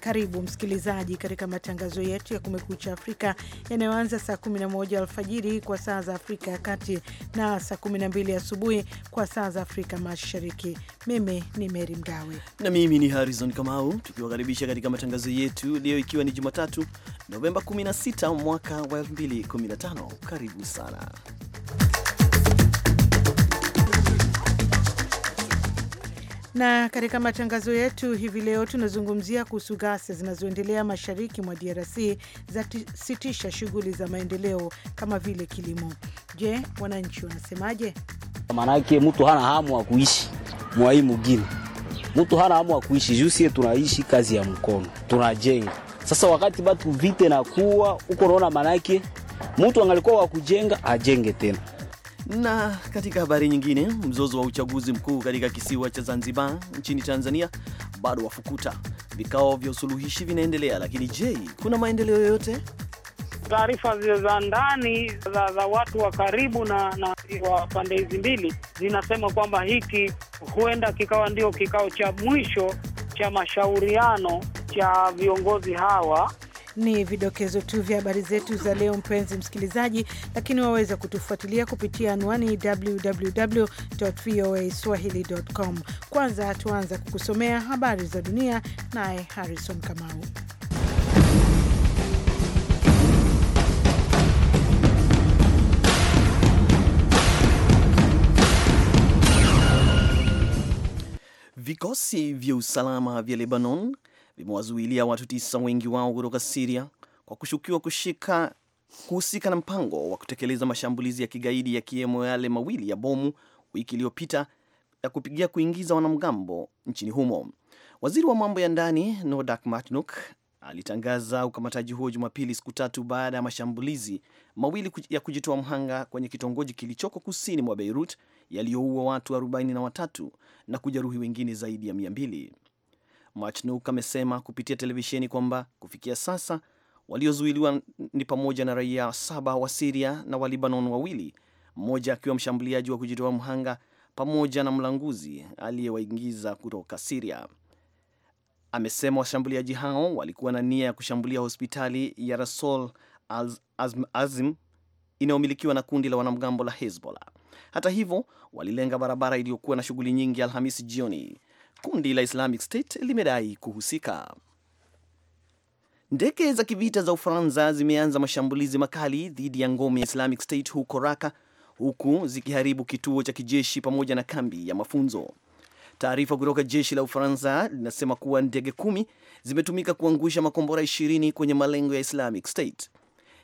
Karibu msikilizaji katika matangazo yetu ya Kumekucha Afrika yanayoanza saa 11 alfajiri kwa saa za Afrika ya Kati na saa 12 asubuhi kwa saa za Afrika Mashariki. Mimi ni Meri Mgawe na mimi ni Harrison Kamau, tukiwakaribisha katika matangazo yetu leo, ikiwa ni Jumatatu Novemba 16 mwaka wa 2015. Karibu sana Na katika matangazo yetu hivi leo tunazungumzia kuhusu ghasia zinazoendelea mashariki mwa DRC za sitisha shughuli za maendeleo kama vile kilimo. Je, wananchi wanasemaje? Maanake mtu hana hamu wa kuishi mwai mugini, mtu hana hamu wa kuishi jusie tunaishi kazi ya mkono, tunajenga sasa. Wakati batu vite na kuwa huko naona, maanake mtu angalikuwa wa kujenga ajenge tena na katika habari nyingine, mzozo wa uchaguzi mkuu katika kisiwa cha Zanzibar nchini Tanzania bado wafukuta. Vikao vya usuluhishi vinaendelea, lakini je, kuna maendeleo yoyote? Taarifa za ndani za, za watu wa karibu na, na wa pande hizi mbili zinasema kwamba hiki huenda kikawa ndio kikao cha mwisho cha mashauriano cha viongozi hawa ni vidokezo tu vya habari zetu za leo, mpenzi msikilizaji, lakini waweza kutufuatilia kupitia anwani www voa swahilicom Kwanza tuanza kukusomea habari za dunia, naye Harrison Kamau. Vikosi vya usalama vya Lebanon limewazuilia watu tisa, wengi wao kutoka Siria, kwa kushukiwa kushika kuhusika na mpango wa kutekeleza mashambulizi ya kigaidi yakiwemo yale mawili ya bomu wiki iliyopita ya kupigia kuingiza wanamgambo nchini humo. Waziri wa mambo ya ndani Nodak Matnuk alitangaza ukamataji huo Jumapili, siku tatu baada ya mashambulizi mawili ya kujitoa mhanga kwenye kitongoji kilichoko kusini mwa Beirut yaliyoua watu 43 na kujeruhi wengine zaidi ya 200 machnuk amesema kupitia televisheni kwamba kufikia sasa waliozuiliwa ni pamoja na raia saba wa Siria na wa Libanon wawili, mmoja akiwa mshambuliaji wa kujitoa mhanga pamoja na mlanguzi aliyewaingiza kutoka Siria. Amesema washambuliaji hao walikuwa na nia ya kushambulia hospitali ya Rasol Azim inayomilikiwa na kundi la wanamgambo la Hezbollah. Hata hivyo, walilenga barabara iliyokuwa na shughuli nyingi Alhamisi jioni kundi la Islamic State limedai kuhusika. Ndege za kivita za Ufaransa zimeanza mashambulizi makali dhidi ya ngome ya Islamic State huko Raka, huku zikiharibu kituo cha kijeshi pamoja na kambi ya mafunzo. Taarifa kutoka jeshi la Ufaransa linasema kuwa ndege kumi zimetumika kuangusha makombora ishirini kwenye malengo ya Islamic State.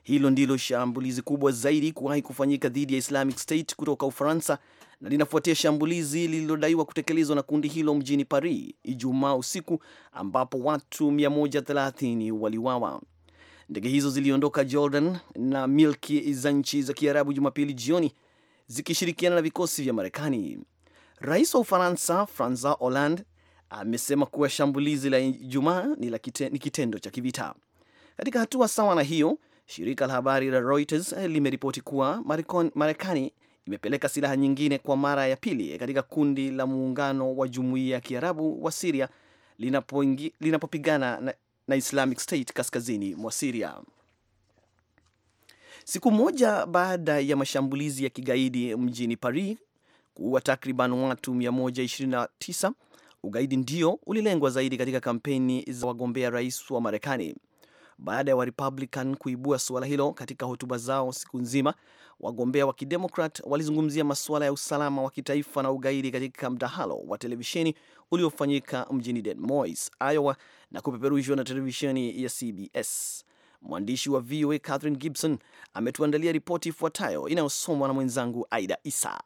Hilo ndilo shambulizi kubwa zaidi kuwahi kufanyika dhidi ya Islamic State kutoka Ufaransa na linafuatia shambulizi lililodaiwa kutekelezwa na kundi hilo mjini Paris Ijumaa usiku ambapo watu 130 waliwawa. Ndege hizo ziliondoka Jordan na milki za nchi za Kiarabu Jumapili jioni zikishirikiana na vikosi vya Marekani. Rais wa Ufaransa Francois Hollande amesema kuwa shambulizi la Ijumaa ni kitendo cha kivita. Katika hatua sawa na hiyo, shirika la habari la Reuters limeripoti kuwa Marekani imepeleka silaha nyingine kwa mara ya pili katika kundi la muungano wa jumuiya ya Kiarabu wa Siria linapopigana linapo na, na Islamic State kaskazini mwa Siria. Siku moja baada ya mashambulizi ya kigaidi mjini Paris kuua takriban watu 129, ugaidi ndio ulilengwa zaidi katika kampeni za wagombea rais wa Marekani baada ya Warepublican kuibua suala hilo katika hotuba zao siku nzima Wagombea wa Kidemokrat walizungumzia masuala ya usalama wa kitaifa na ugaidi katika mdahalo wa televisheni uliofanyika mjini Des Moines, Iowa na kupeperushwa na televisheni ya CBS. Mwandishi wa VOA Catherine Gibson ametuandalia ripoti ifuatayo inayosomwa na mwenzangu Aida Isa.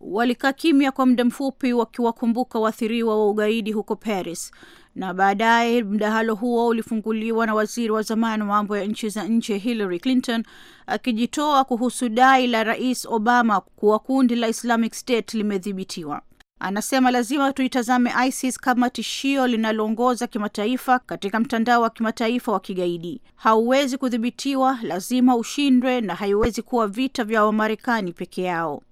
Walikaa kimya kwa muda mfupi wakiwakumbuka waathiriwa wa ugaidi huko Paris na baadaye mdahalo huo ulifunguliwa na waziri wa zamani wa mambo ya nchi za nje Hillary Clinton akijitoa kuhusu dai la Rais Obama kuwa kundi la Islamic State limedhibitiwa. Anasema lazima tuitazame ISIS kama tishio linaloongoza kimataifa katika mtandao wa kimataifa wa kigaidi. Hauwezi kudhibitiwa, lazima ushindwe, na haiwezi kuwa vita vya Wamarekani peke yao.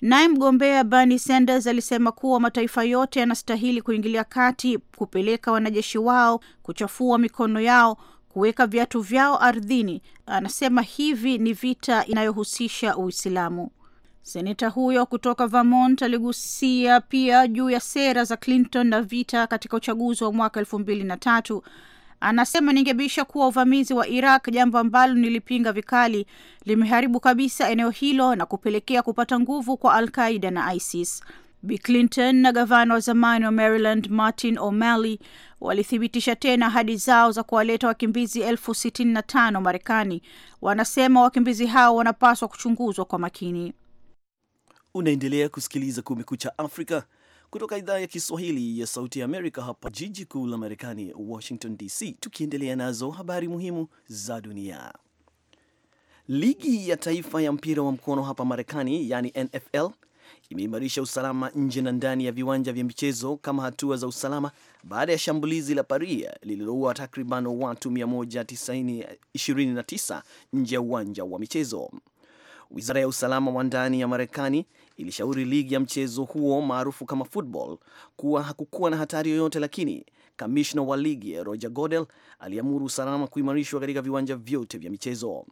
Naye mgombea Bernie Sanders alisema kuwa mataifa yote yanastahili kuingilia kati, kupeleka wanajeshi wao, kuchafua mikono yao, kuweka viatu vyao ardhini. Anasema hivi ni vita inayohusisha Uislamu. Seneta huyo kutoka Vermont aligusia pia juu ya sera za Clinton na vita katika uchaguzi wa mwaka elfu mbili na tatu Anasema ningebisha kuwa uvamizi wa Iraq, jambo ambalo nilipinga vikali, limeharibu kabisa eneo hilo na kupelekea kupata nguvu kwa Al Qaida na ISIS. Bi Clinton na gavana wa zamani wa Maryland Martin O'Malley walithibitisha tena ahadi zao za kuwaleta wakimbizi elfu sitini na tano Marekani. Wanasema wakimbizi hao wanapaswa kuchunguzwa kwa makini. Unaendelea kusikiliza Kumekucha Afrika kutoka idhaa ya Kiswahili ya Sauti ya Amerika hapa jiji kuu la Marekani, Washington DC, tukiendelea nazo habari muhimu za dunia. Ligi ya taifa ya mpira wa mkono hapa Marekani, yani NFL, imeimarisha usalama nje na ndani ya viwanja vya michezo kama hatua za usalama baada ya shambulizi la Paris lililoua takriban watu 129 nje ya uwanja wa michezo. Wizara ya usalama wa ndani ya Marekani ilishauri ligi ya mchezo huo maarufu kama football kuwa hakukuwa na hatari yoyote, lakini kamishna wa ligi Roger Godel aliamuru usalama kuimarishwa katika viwanja vyote vya michezo.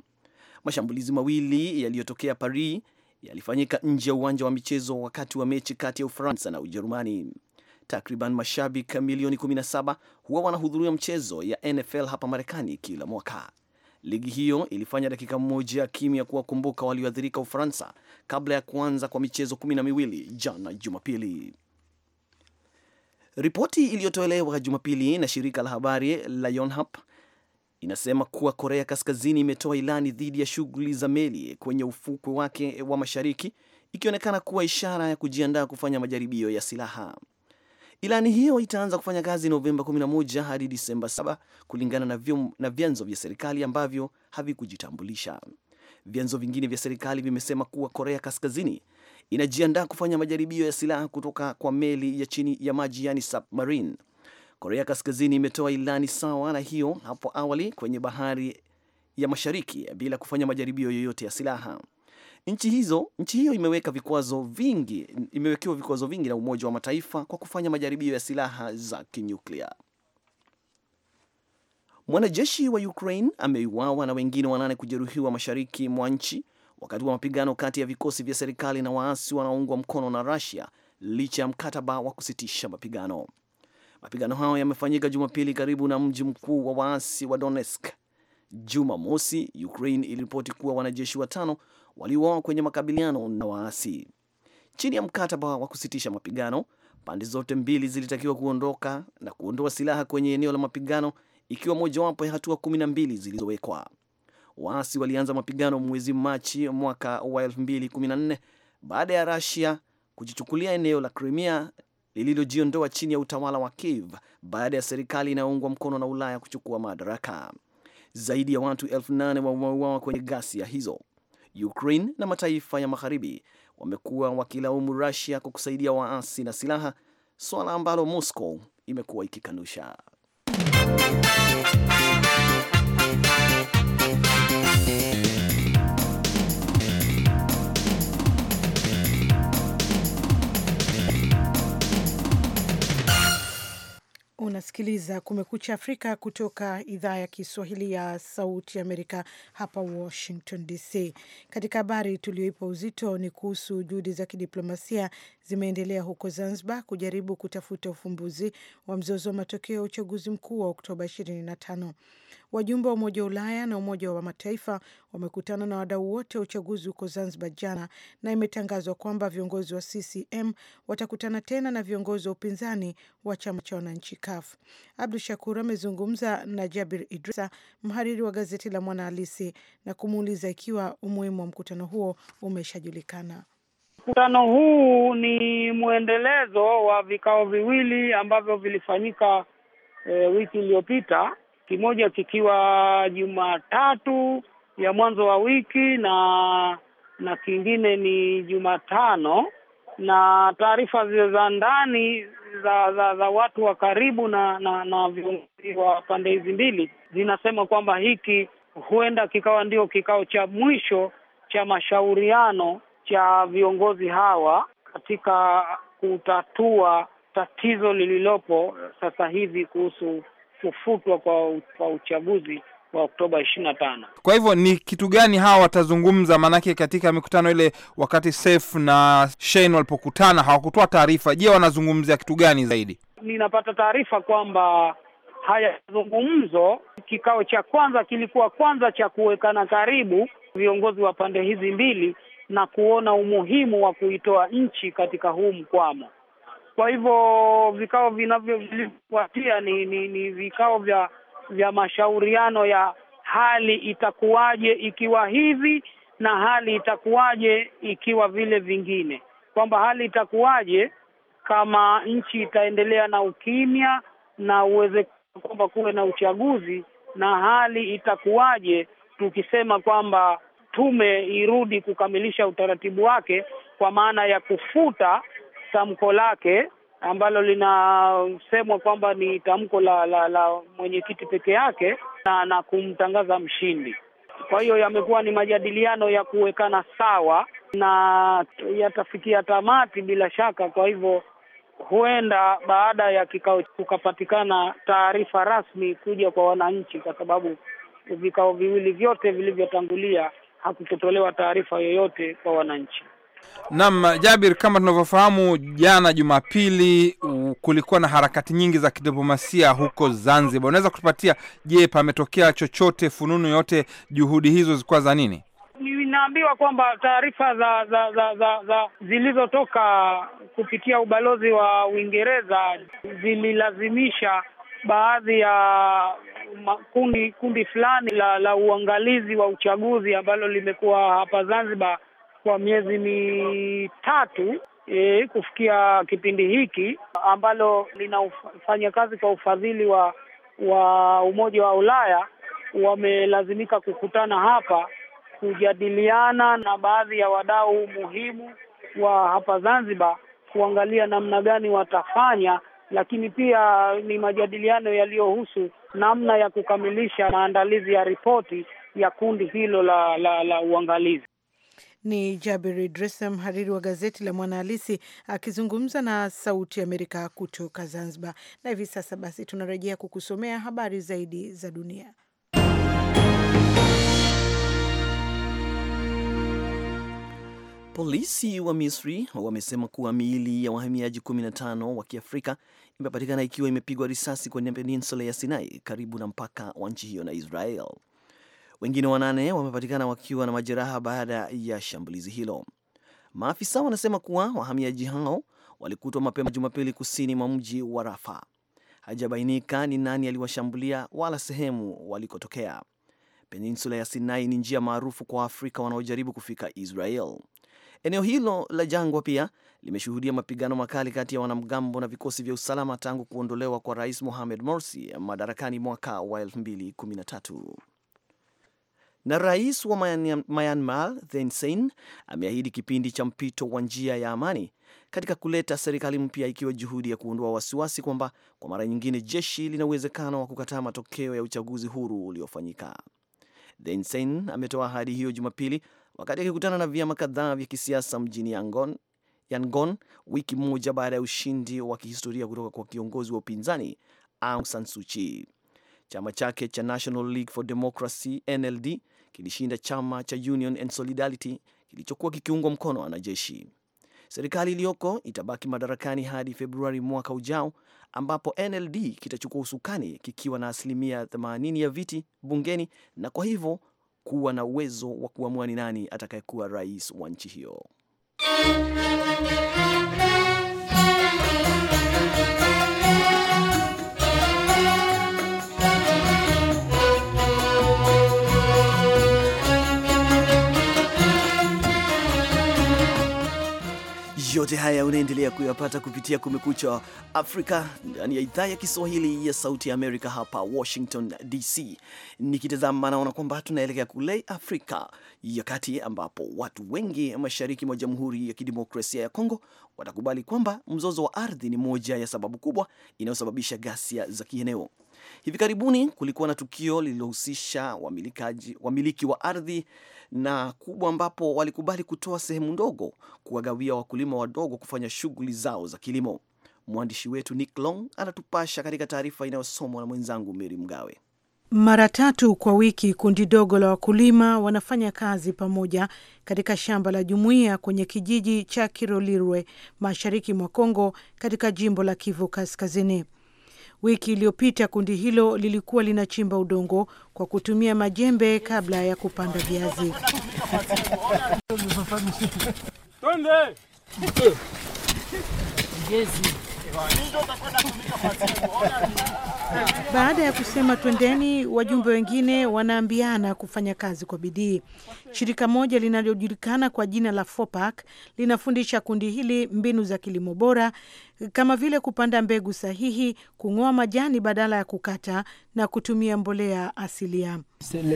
Mashambulizi mawili yaliyotokea Paris yalifanyika nje ya uwanja wa michezo wakati wa mechi kati ya Ufaransa na Ujerumani. Takriban mashabiki milioni 17 huwa wanahudhuria mchezo ya NFL hapa Marekani kila mwaka. Ligi hiyo ilifanya dakika moja ya kimya kuwakumbuka walioathirika Ufaransa kabla ya kuanza kwa michezo kumi na miwili jana Jumapili. Ripoti iliyotolewa Jumapili na shirika la habari la Yonhap inasema kuwa Korea Kaskazini imetoa ilani dhidi ya shughuli za meli kwenye ufukwe wake wa mashariki, ikionekana kuwa ishara ya kujiandaa kufanya majaribio ya silaha. Ilani hiyo itaanza kufanya kazi Novemba 11 hadi Disemba 7 kulingana na, na vyanzo vya serikali ambavyo havikujitambulisha. Vyanzo vingine vya serikali vimesema kuwa Korea Kaskazini inajiandaa kufanya majaribio ya silaha kutoka kwa meli ya chini ya maji yani submarine. Korea Kaskazini imetoa ilani sawa na hiyo hapo awali kwenye bahari ya Mashariki bila kufanya majaribio yoyote ya silaha. Nchi hizo nchi hiyo imeweka vikwazo vingi, imewekewa vikwazo vingi na Umoja wa Mataifa kwa kufanya majaribio ya silaha za kinyuklia. Mwanajeshi wa Ukraine ameuawa na wengine wanane kujeruhiwa mashariki mwa nchi wakati wa mapigano kati ya vikosi vya serikali na waasi wanaoungwa mkono na Russia licha ya mkataba wa kusitisha mapigano. Mapigano hayo yamefanyika Jumapili karibu na mji mkuu wa waasi wa Donetsk. Juma mosi, Ukraine iliripoti kuwa wanajeshi watano waliuawa kwenye makabiliano na waasi. Chini ya mkataba wa kusitisha mapigano, pande zote mbili zilitakiwa kuondoka na kuondoa silaha kwenye eneo la mapigano, ikiwa mojawapo ya hatua kumi na mbili zilizowekwa. Waasi walianza mapigano mwezi Machi mwaka wa 2014 baada ya Russia kujichukulia eneo la Crimea lililojiondoa chini ya utawala wa Kiev baada ya serikali inayoungwa mkono na Ulaya kuchukua madaraka. Zaidi ya watu elfu nane wameuawa kwenye ghasia hizo. Ukraine na mataifa ya magharibi wamekuwa wakilaumu Rusia kwa kusaidia waasi na silaha, swala ambalo Moscow imekuwa ikikanusha. Unasikiliza Kumekucha Afrika kutoka idhaa ya Kiswahili ya Sauti Amerika, hapa Washington DC. Katika habari tulioipa uzito ni kuhusu juhudi za kidiplomasia zimeendelea huko Zanzibar kujaribu kutafuta ufumbuzi wa mzozo wa matokeo ya uchaguzi mkuu wa Oktoba 25. Wajumbe wa Umoja wa Ulaya na Umoja wa Mataifa wamekutana na wadau wote wa uchaguzi huko Zanzibar jana, na imetangazwa kwamba viongozi wa CCM watakutana tena na viongozi wa upinzani wa chama cha wananchi CUF. Abdu Shakur amezungumza na Jabir Idrisa, mhariri wa gazeti la Mwana Halisi, na kumuuliza ikiwa umuhimu wa mkutano huo umeshajulikana. Mkutano huu ni mwendelezo wa vikao viwili ambavyo vilifanyika e, wiki iliyopita kimoja kikiwa Jumatatu ya mwanzo wa wiki na na kingine ni Jumatano, na taarifa za ndani za, za za watu wa karibu na na, na viongozi wa pande hizi mbili zinasema kwamba hiki huenda kikawa ndio kikao cha mwisho cha mashauriano cha viongozi hawa katika kutatua tatizo lililopo sasa hivi kuhusu kufutwa kwa, kwa uchaguzi wa Oktoba ishirini na tano. Kwa hivyo ni kitu gani hawa watazungumza? Maanake katika mikutano ile wakati Seif na Shein walipokutana hawakutoa taarifa. Je, wanazungumzia kitu gani zaidi? Ninapata taarifa kwamba haya mazungumzo, kikao cha kwanza kilikuwa kwanza cha kuwekana karibu viongozi wa pande hizi mbili na kuona umuhimu wa kuitoa nchi katika huu mkwamo. Kwa hivyo vikao vinavyo vilivyofuatia ni, ni, ni vikao vya vya mashauriano ya hali itakuwaje ikiwa hivi na hali itakuwaje ikiwa vile vingine, kwamba hali itakuwaje kama nchi itaendelea na ukimya na uwezekano kwamba kuwe na uchaguzi, na hali itakuwaje tukisema kwamba tume irudi kukamilisha utaratibu wake kwa maana ya kufuta tamko lake ambalo linasemwa kwamba ni tamko la la, la mwenyekiti peke yake na, na kumtangaza mshindi. Kwa hiyo yamekuwa ni majadiliano ya kuwekana sawa na yatafikia tamati bila shaka. Kwa hivyo huenda baada ya kikao kukapatikana taarifa rasmi kuja kwa wananchi, kwa sababu vikao viwili vyote vilivyotangulia hakukutolewa taarifa yoyote kwa wananchi. Naam, Jabir, kama tunavyofahamu, jana Jumapili kulikuwa na harakati nyingi za kidiplomasia huko Zanzibar. Unaweza kutupatia, je, pametokea chochote, fununu yote? Juhudi hizo zilikuwa za nini? Ninaambiwa kwamba taarifa za, za, za, za, za zilizotoka kupitia ubalozi wa Uingereza zililazimisha baadhi ya kundi kundi fulani la, la uangalizi wa uchaguzi ambalo limekuwa hapa Zanzibar kwa miezi mitatu e, kufikia kipindi hiki ambalo linafanya kazi kwa ufadhili wa wa Umoja wa Ulaya, wamelazimika kukutana hapa kujadiliana na baadhi ya wadau muhimu wa hapa Zanzibar kuangalia namna gani watafanya, lakini pia ni majadiliano yaliyohusu namna ya kukamilisha maandalizi ya ripoti ya kundi hilo la, la, la uangalizi. Ni Jabir Dresa, mhariri wa gazeti la Mwanahalisi, akizungumza na Sauti Amerika kutoka Zanzibar. Na hivi sasa basi, tunarejea kukusomea habari zaidi za dunia. Polisi wa Misri wamesema kuwa miili ya wahamiaji 15 wa Kiafrika imepatikana ikiwa imepigwa risasi kwenye peninsula ya Sinai karibu na mpaka wa nchi hiyo na Israel. Wengine wanane wamepatikana wakiwa na majeraha baada ya shambulizi hilo. Maafisa wanasema kuwa wahamiaji hao walikutwa mapema Jumapili kusini mwa mji wa Rafa. Hajabainika ni nani aliwashambulia wala sehemu walikotokea. Peninsula ya Sinai ni njia maarufu kwa Waafrika wanaojaribu kufika Israel. Eneo hilo la jangwa pia limeshuhudia mapigano makali kati ya wanamgambo na vikosi vya usalama tangu kuondolewa kwa Rais Mohamed Morsi madarakani mwaka wa 2013. Na rais wa Myanmar Thein Sein ameahidi kipindi cha mpito wa njia ya amani katika kuleta serikali mpya, ikiwa juhudi ya kuondoa wasiwasi kwamba kwa mara nyingine jeshi lina uwezekano wa kukataa matokeo ya uchaguzi huru uliofanyika. Thein Sein ametoa ahadi hiyo Jumapili wakati akikutana na vyama kadhaa vya kisiasa mjini Yangon, Yangon wiki moja baada ya ushindi wa kihistoria kutoka kwa kiongozi wa upinzani Aung San Suu Kyi. Chama chake cha National League for Democracy NLD kilishinda chama cha Union and Solidarity kilichokuwa kikiungwa mkono wanajeshi. Serikali iliyoko itabaki madarakani hadi Februari mwaka ujao, ambapo NLD kitachukua usukani kikiwa na asilimia 80 ya viti bungeni na kwa hivyo kuwa na uwezo wa kuamua ni nani atakayekuwa rais wa nchi hiyo. Yote haya unaendelea kuyapata kupitia Kumekucha Afrika ndani ya idhaa ya Kiswahili ya Sauti ya Amerika hapa Washington DC. Nikitazama naona kwamba tunaelekea kule Afrika ya Kati, ambapo watu wengi mashariki mwa Jamhuri ya Kidemokrasia ya Kongo watakubali kwamba mzozo wa ardhi ni moja ya sababu kubwa inayosababisha ghasia za kieneo. Hivi karibuni kulikuwa na tukio lililohusisha wamilikaji, wamiliki wa ardhi na kubwa, ambapo walikubali kutoa sehemu ndogo kuwagawia wakulima wadogo kufanya shughuli zao za kilimo. Mwandishi wetu Nick Long anatupasha katika taarifa inayosomwa na mwenzangu Meri Mgawe. Mara tatu kwa wiki kundi dogo la wakulima wanafanya kazi pamoja katika shamba la jumuiya kwenye kijiji cha Kirolirwe mashariki mwa Kongo katika jimbo la Kivu Kaskazini. Wiki iliyopita kundi hilo lilikuwa linachimba udongo kwa kutumia majembe kabla ya kupanda viazi. Baada ya kusema twendeni, wajumbe wengine wanaambiana kufanya kazi kwa bidii. Shirika moja linalojulikana kwa jina la Fopak linafundisha kundi hili mbinu za kilimo bora kama vile kupanda mbegu sahihi, kung'oa majani badala ya kukata na kutumia mbolea asilia.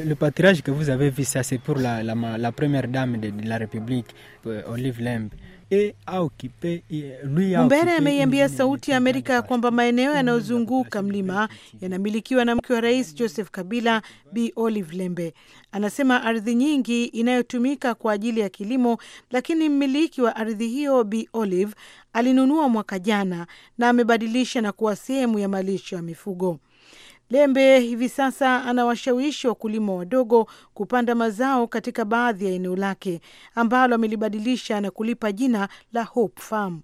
Le patirage que vous avez vu ça c'est pour la, la, la première dame de la republique euh, Olive Lembe E au kipe, e, lui Mbere ameiambia Sauti ya Amerika kwamba maeneo yanayozunguka mlima yanamilikiwa na mke wa rais Joseph Kabila, b Olive Lembe. Anasema ardhi nyingi inayotumika kwa ajili ya kilimo, lakini mmiliki wa ardhi hiyo B Olive alinunua mwaka jana na amebadilisha na kuwa sehemu ya malisho ya mifugo. Lembe hivi sasa anawashawishi wakulima wadogo kupanda mazao katika baadhi ya eneo lake ambalo amelibadilisha na kulipa jina la Hope Farm.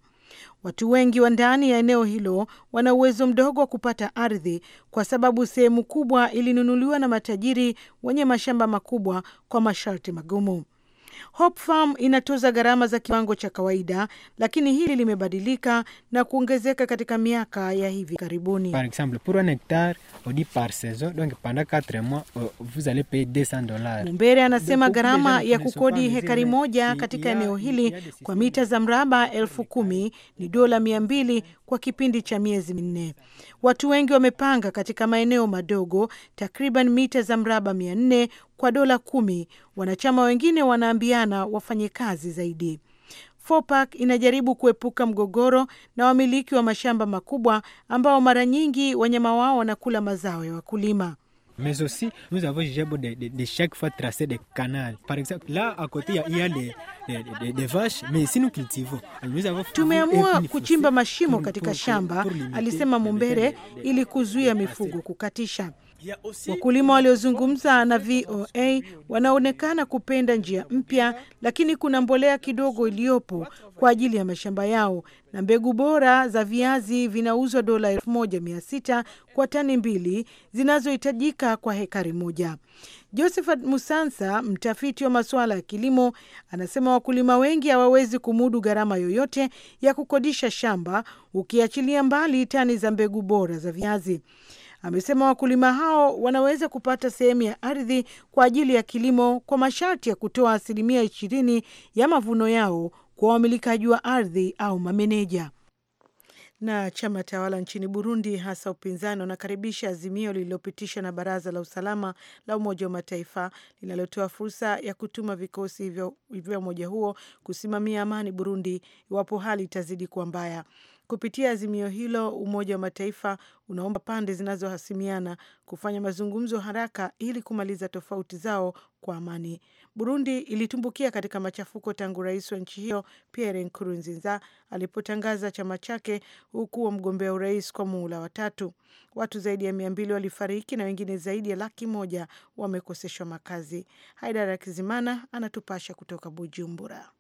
Watu wengi wa ndani ya eneo hilo wana uwezo mdogo wa kupata ardhi kwa sababu sehemu kubwa ilinunuliwa na matajiri wenye mashamba makubwa kwa masharti magumu. Hope Farm inatoza gharama za kiwango cha kawaida, lakini hili limebadilika na kuongezeka katika miaka ya hivi karibuni. Par exemple, pour un hectare, on dit par saison, donc pendant 4 mois, euh, vous allez payer 200 dollars. Mumbere anasema gharama ya kukodi hekari moja katika eneo hili kwa mita za mraba elfu kumi ni dola mia mbili kwa kipindi cha miezi minne. Watu wengi wamepanga katika maeneo madogo takriban mita za mraba mia nne kwa dola kumi. Wanachama wengine wanaambiana wafanye kazi zaidi. Fopak inajaribu kuepuka mgogoro na wamiliki wa mashamba makubwa ambao mara nyingi wanyama wao wanakula mazao ya wakulima. Mais aussi nous avons de, de, de chaque fois des Par exemple, là, à côté, il y a les Eh, Tumeamua kuchimba mashimo katika shamba, alisema Mumbere, ili kuzuia mifugo kukatisha. Wakulima waliozungumza na VOA wanaonekana kupenda njia mpya, lakini kuna mbolea kidogo iliyopo kwa ajili ya mashamba yao, na mbegu bora za viazi vinauzwa dola elfu kwa tani mbili zinazohitajika kwa hekari moja. Josephat Musansa, mtafiti wa masuala ya kilimo, anasema wakulima wengi hawawezi kumudu gharama yoyote ya kukodisha shamba, ukiachilia mbali tani za mbegu bora za viazi. Amesema wakulima hao wanaweza kupata sehemu ya ardhi kwa ajili ya kilimo kwa masharti ya kutoa asilimia ishirini ya mavuno yao kwa wamilikaji wa ardhi au mameneja. Na chama tawala nchini Burundi, hasa upinzani, wanakaribisha azimio lililopitishwa na Baraza la Usalama la Umoja wa Mataifa linalotoa fursa ya kutuma vikosi vya umoja huo kusimamia amani Burundi iwapo hali itazidi kuwa mbaya. Kupitia azimio hilo, Umoja wa Mataifa unaomba pande zinazohasimiana kufanya mazungumzo haraka ili kumaliza tofauti zao kwa amani. Burundi ilitumbukia katika machafuko tangu rais wa nchi hiyo Pierre Nkurunziza alipotangaza chama chake huku wa mgombea urais kwa muhula watatu. Watu zaidi ya mia mbili walifariki na wengine zaidi ya laki moja wamekoseshwa makazi. Haidara Kizimana anatupasha kutoka Bujumbura.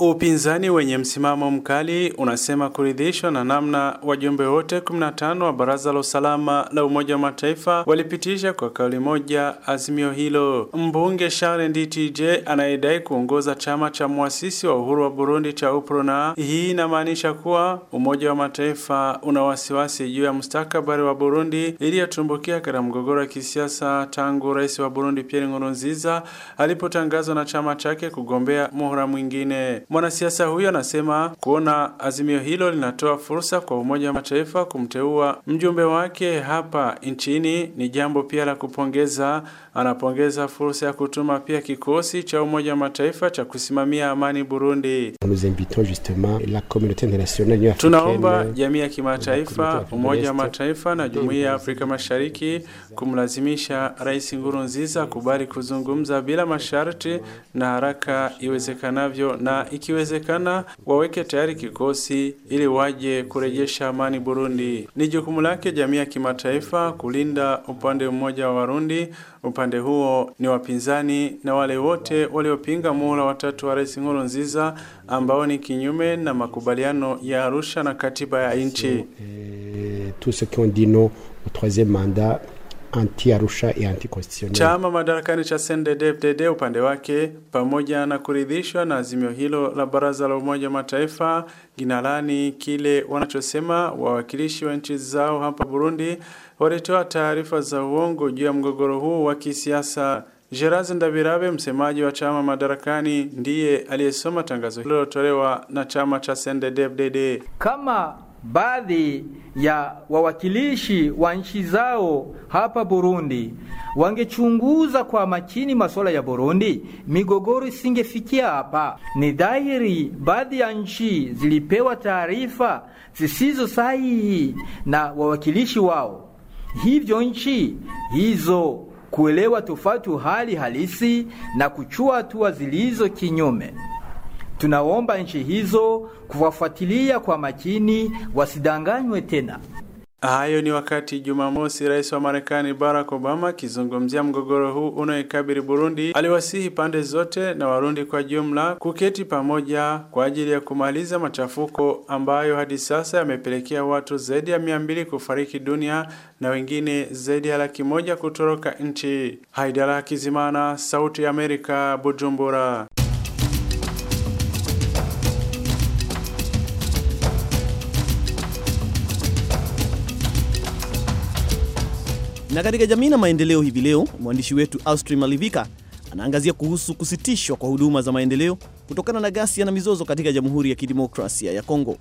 Upinzani wenye msimamo mkali unasema kuridhishwa na namna wajumbe wote 15 wa Baraza la Usalama la Umoja wa Mataifa walipitisha kwa kauli moja azimio hilo. Mbunge Charles dtj anayedai kuongoza chama cha mwasisi wa uhuru wa Burundi cha UPRONA. Hii inamaanisha kuwa Umoja wa Mataifa una wasiwasi juu ya mustakabali wa Burundi iliyotumbukia katika mgogoro wa kisiasa tangu Rais wa Burundi Pierre Nkurunziza alipotangazwa na chama chake kugombea muhula mwingine. Mwanasiasa huyo anasema kuona azimio hilo linatoa fursa kwa Umoja wa Mataifa kumteua mjumbe wake hapa nchini ni jambo pia la kupongeza anapongeza fursa ya kutuma pia kikosi cha Umoja wa Mataifa cha kusimamia amani Burundi. Tunaomba jamii ya kimataifa, Umoja wa Mataifa na Jumuiya ya Afrika Mashariki kumlazimisha Rais Nkurunziza kubali kuzungumza bila masharti na haraka iwezekanavyo, na ikiwezekana waweke tayari kikosi ili waje kurejesha amani Burundi. Ni jukumu lake jamii ya kimataifa kulinda upande mmoja wa Warundi Upande huo ni wapinzani na wale wote waliopinga muhula watatu wa Rais Nkurunziza ambao ni kinyume na makubaliano ya Arusha na katiba ya nchi. Eh, Chama madarakani cha CNDD-FDD upande wake, pamoja na kuridhishwa na azimio hilo la Baraza la Umoja wa Mataifa, ginalani kile wanachosema wawakilishi wa nchi zao hapa Burundi walitoa taarifa za uongo juu ya mgogoro huu wa kisiasa. Gerard Ndabirabe, msemaji wa chama madarakani, ndiye aliyesoma tangazo hilo lilotolewa na chama cha CNDD-FDD. Kama baadhi ya wawakilishi wa nchi zao hapa Burundi wangechunguza kwa makini masuala ya Burundi, migogoro isingefikia hapa. Ni dhahiri baadhi ya nchi zilipewa taarifa zisizo sahihi na wawakilishi wao hivyo nchi hizo kuelewa tofauti hali halisi na kuchua hatua zilizo kinyume. Tunaomba nchi hizo kuwafuatilia kwa makini, wasidanganywe tena. Hayo ni wakati Jumamosi rais wa Marekani Barack Obama akizungumzia mgogoro huu unaoikabili Burundi, aliwasihi pande zote na Warundi kwa jumla kuketi pamoja kwa ajili ya kumaliza machafuko ambayo hadi sasa yamepelekea watu zaidi ya mia mbili kufariki dunia na wengine zaidi ya laki moja kutoroka nchi. Haidara Kizimana, Sauti ya Amerika, Bujumbura. Na katika jamii na maendeleo hivi leo, mwandishi wetu Austri Malivika anaangazia kuhusu kusitishwa kwa huduma za maendeleo kutokana na ghasia na mizozo katika Jamhuri ya Kidemokrasia ya Kongo.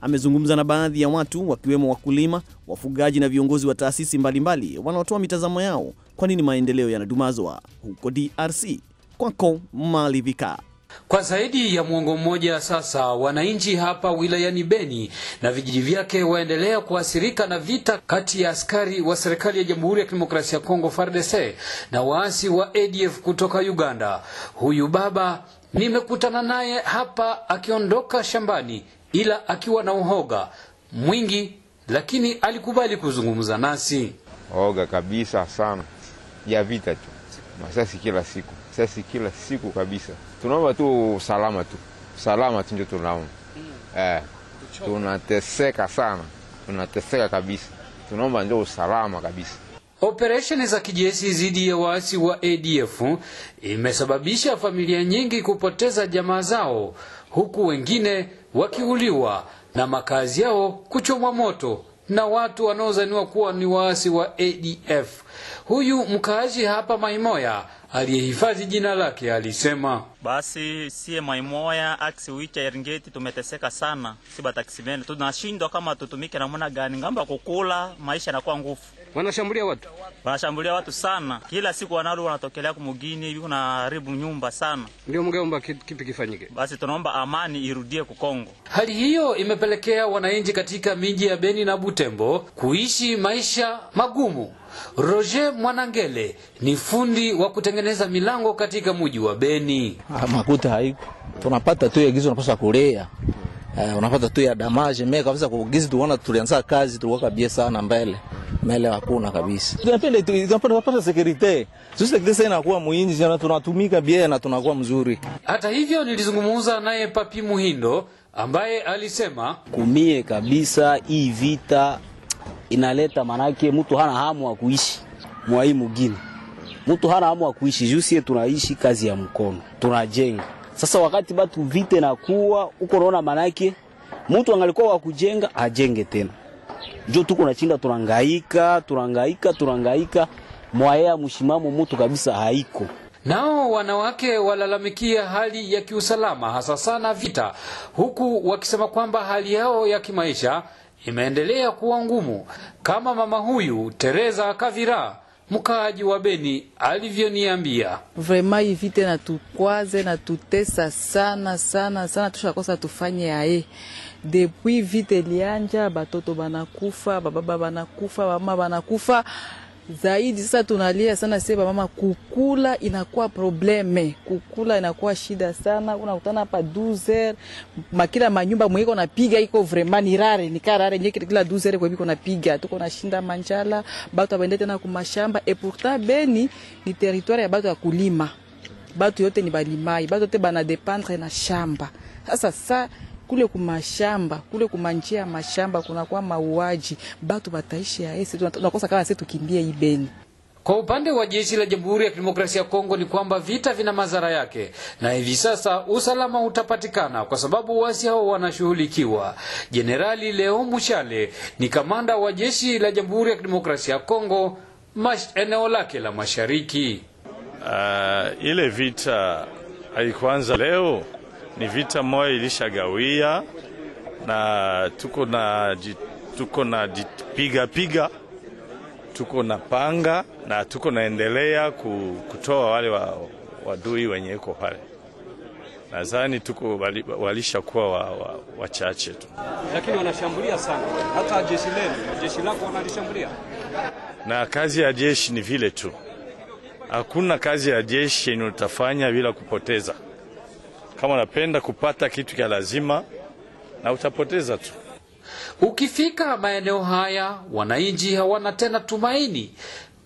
Amezungumza na baadhi ya watu wakiwemo wakulima, wafugaji na viongozi wa taasisi mbalimbali wanaotoa mitazamo yao kwa nini maendeleo yanadumazwa huko DRC. Kwako Malivika. Kwa zaidi ya mwongo mmoja sasa, wananchi hapa wilayani Beni na vijiji vyake waendelea kuathirika na vita kati ya askari wa serikali ya Jamhuri ya Kidemokrasia ya Kongo FARDC na waasi wa ADF kutoka Uganda. Huyu baba nimekutana naye hapa akiondoka shambani, ila akiwa na uhoga mwingi, lakini alikubali kuzungumza nasi. Oga kabisa sana ya vita tu, masasi kila siku, masasi kila siku kabisa tunaomba tu salama tu, salama tu ndio tunaomba hmm. Eh, tunateseka sana, tunateseka kabisa, tunaomba ndio usalama kabisa. Operesheni za kijeshi dhidi ya waasi wa ADF imesababisha familia nyingi kupoteza jamaa zao, huku wengine wakiuliwa na makazi yao kuchomwa moto na watu wanaozaniwa kuwa ni waasi wa ADF. Huyu mkaaji hapa Maimoya aliyehifadhi jina lake alisema, basi sie Maimoya aksi wicha Eringeti tumeteseka sana, si bataksimene tunashindwa kama tutumike namna gani, ngambo ya kukula maisha yanakuwa ngufu Wanashambulia watu, wanashambulia watu sana, kila siku wanalo, wanatokelea kumugini na haribu nyumba sana. Ndio mgeomba kipi kifanyike? Basi tunaomba amani irudie ku Kongo. Hali hiyo imepelekea wananchi katika miji ya Beni na Butembo kuishi maisha magumu. Roger Mwanangele ni fundi wa kutengeneza milango katika mji wa Beni. Ah, makuta haiko, tunapata tu agizo, napaswa kulea Uh, unapata tu ya damage mimi kabisa kugizi tuona tulianza kazi tulikuwa kabisa sana mbele mbele hakuna kabisa. Tunapenda tu tunapenda kupata security. Sisi security sasa inakuwa muhimu sana tunatumika bia na tunakuwa mzuri. Hata hivyo nilizungumza naye Papi Muhindo ambaye alisema kumie kabisa hii vita inaleta manake mtu hana hamu ya kuishi mwaimu gini. Mtu hana hamu ya kuishi, juu sie tunaishi kazi ya mkono. Tunajenga sasa wakati batu vite na kuwa uko naona, manake mtu angalikuwa wa kujenga ajenge tena, Njoo tuko na chinda, tunangaika tunangaika tunangaika, mwaya mshimamo mtu kabisa haiko. Nao wanawake walalamikia hali ya kiusalama hasa sana vita, huku wakisema kwamba hali yao ya kimaisha imeendelea kuwa ngumu, kama mama huyu Teresa Kavira mkaaji wa Beni alivyoniambia, vrema ivite na tukwaze na tutesa sana sana sana, tushakosa tufanye aye depuis vite lianja, batoto banakufa, bababa banakufa, mama banakufa zaidi. Sasa tunalia sana sasa, bamama kukula inakuwa probleme, kukula inakuwa shida sana. Unakutana hapa 12h makila manyumba mwiko napiga iko vraiment ni rare, ni karare nyeki kila 12h kwa biko napiga, tuko nashinda manjala, batu baende tena kumashamba. Et pourtant Beni ni territoire ya batu ya kulima, batu yote ni balimai, batu yote bana dependre na shamba. Sasa sasa kule kumashamba kule kumanjia ya mashamba kunakuwa mauaji, batu bataishi ya esi, tunakosa kama sisi tukimbie ibeni. Kwa upande wa jeshi la Jamhuri ya Kidemokrasia ya Kongo ni kwamba vita vina madhara yake, na hivi sasa usalama utapatikana kwa sababu wasi hao wanashughulikiwa. Jenerali Leo Mushale ni kamanda wa jeshi la Jamhuri ya Kidemokrasia ya Kongo eneo lake la mashariki. Uh, ile vita haikuanza leo ni vita moyo ilishagawia na tuko na tuko na piga piga, tuko na panga na tuko naendelea kutoa wale wa, wadui wenye iko pale. Nadhani tuko walishakuwa wa, wa, wachache tu, lakini wanashambulia sana. Hata jeshi lenu jeshi lako wanalishambulia, na kazi ya jeshi ni vile tu, hakuna kazi ya jeshi yenye utafanya bila kupoteza kama unapenda kupata kitu cha lazima na utapoteza tu. Ukifika maeneo haya, wananchi hawana tena tumaini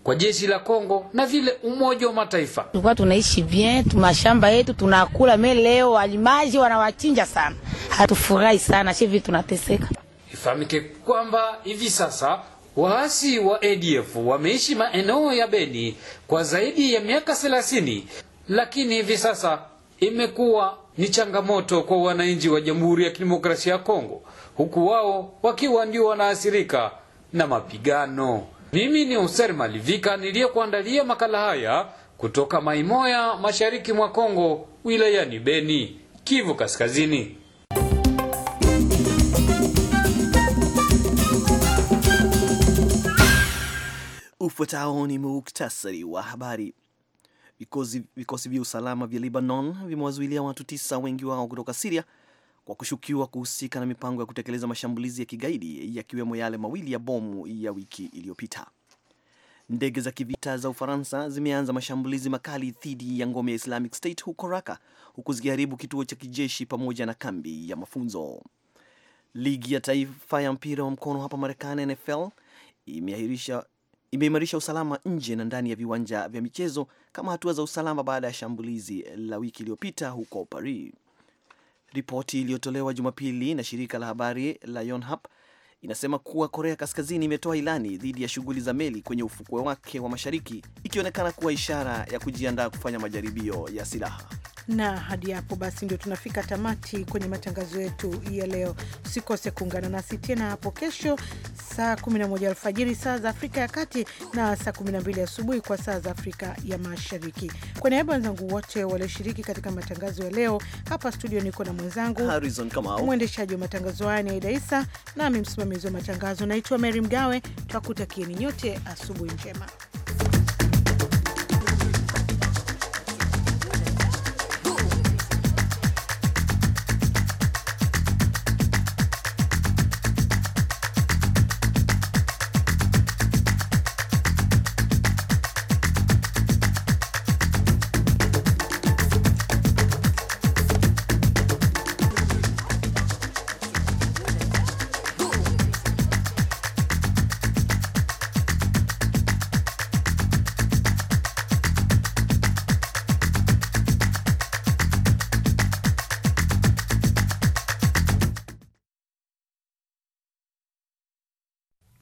kwa jeshi la Kongo na vile Umoja wa Mataifa. Tulikuwa tunaishi bien, tumashamba yetu tunakula mele, leo walimaji wanawachinja sana, hatufurahi sana shivi, tunateseka. Ifahamike kwamba hivi sasa waasi wa ADF wameishi maeneo ya Beni kwa zaidi ya miaka 30 lakini hivi sasa imekuwa ni changamoto kwa wananchi wa Jamhuri ya Kidemokrasia ya Kongo, huku wao wakiwa ndio wanaathirika na mapigano. Mimi ni oser Malivika niliyekuandalia makala haya kutoka Maimoya, mashariki mwa Kongo, wilayani Beni, Kivu Kaskazini. Ufuatao ni muktasari wa habari. Vikosi, vikosi vya usalama vya Lebanon vimewazuilia watu tisa, wengi wao kutoka Siria kwa kushukiwa kuhusika na mipango ya kutekeleza mashambulizi ya kigaidi yakiwemo yale mawili ya bomu ya wiki iliyopita. Ndege za kivita za Ufaransa zimeanza mashambulizi makali dhidi ya ngome ya Islamic State huko Raka, huku zikiharibu kituo cha kijeshi pamoja na kambi ya mafunzo. Ligi ya taifa ya mpira wa mkono hapa Marekani, NFL, imeahirisha imeimarisha usalama nje na ndani ya viwanja vya michezo kama hatua za usalama baada ya shambulizi la wiki iliyopita huko Paris. Ripoti iliyotolewa Jumapili na shirika la habari la Yonhap inasema kuwa Korea Kaskazini imetoa ilani dhidi ya shughuli za meli kwenye ufukwe wake wa mashariki, ikionekana kuwa ishara ya kujiandaa kufanya majaribio ya silaha na hadi hapo basi ndio tunafika tamati kwenye matangazo yetu ya leo. Usikose kuungana nasi tena hapo kesho saa 11 alfajiri saa za Afrika ya Kati na saa 12 asubuhi kwa saa za Afrika ya Mashariki. Kwa niaba wenzangu wote walioshiriki katika matangazo ya leo, hapa studio niko na mwenzangu mwendeshaji wa matangazo haya ni Aida Isa, nami msimamizi wa matangazo naitwa Mary Mgawe. Twakutakieni nyote asubuhi njema.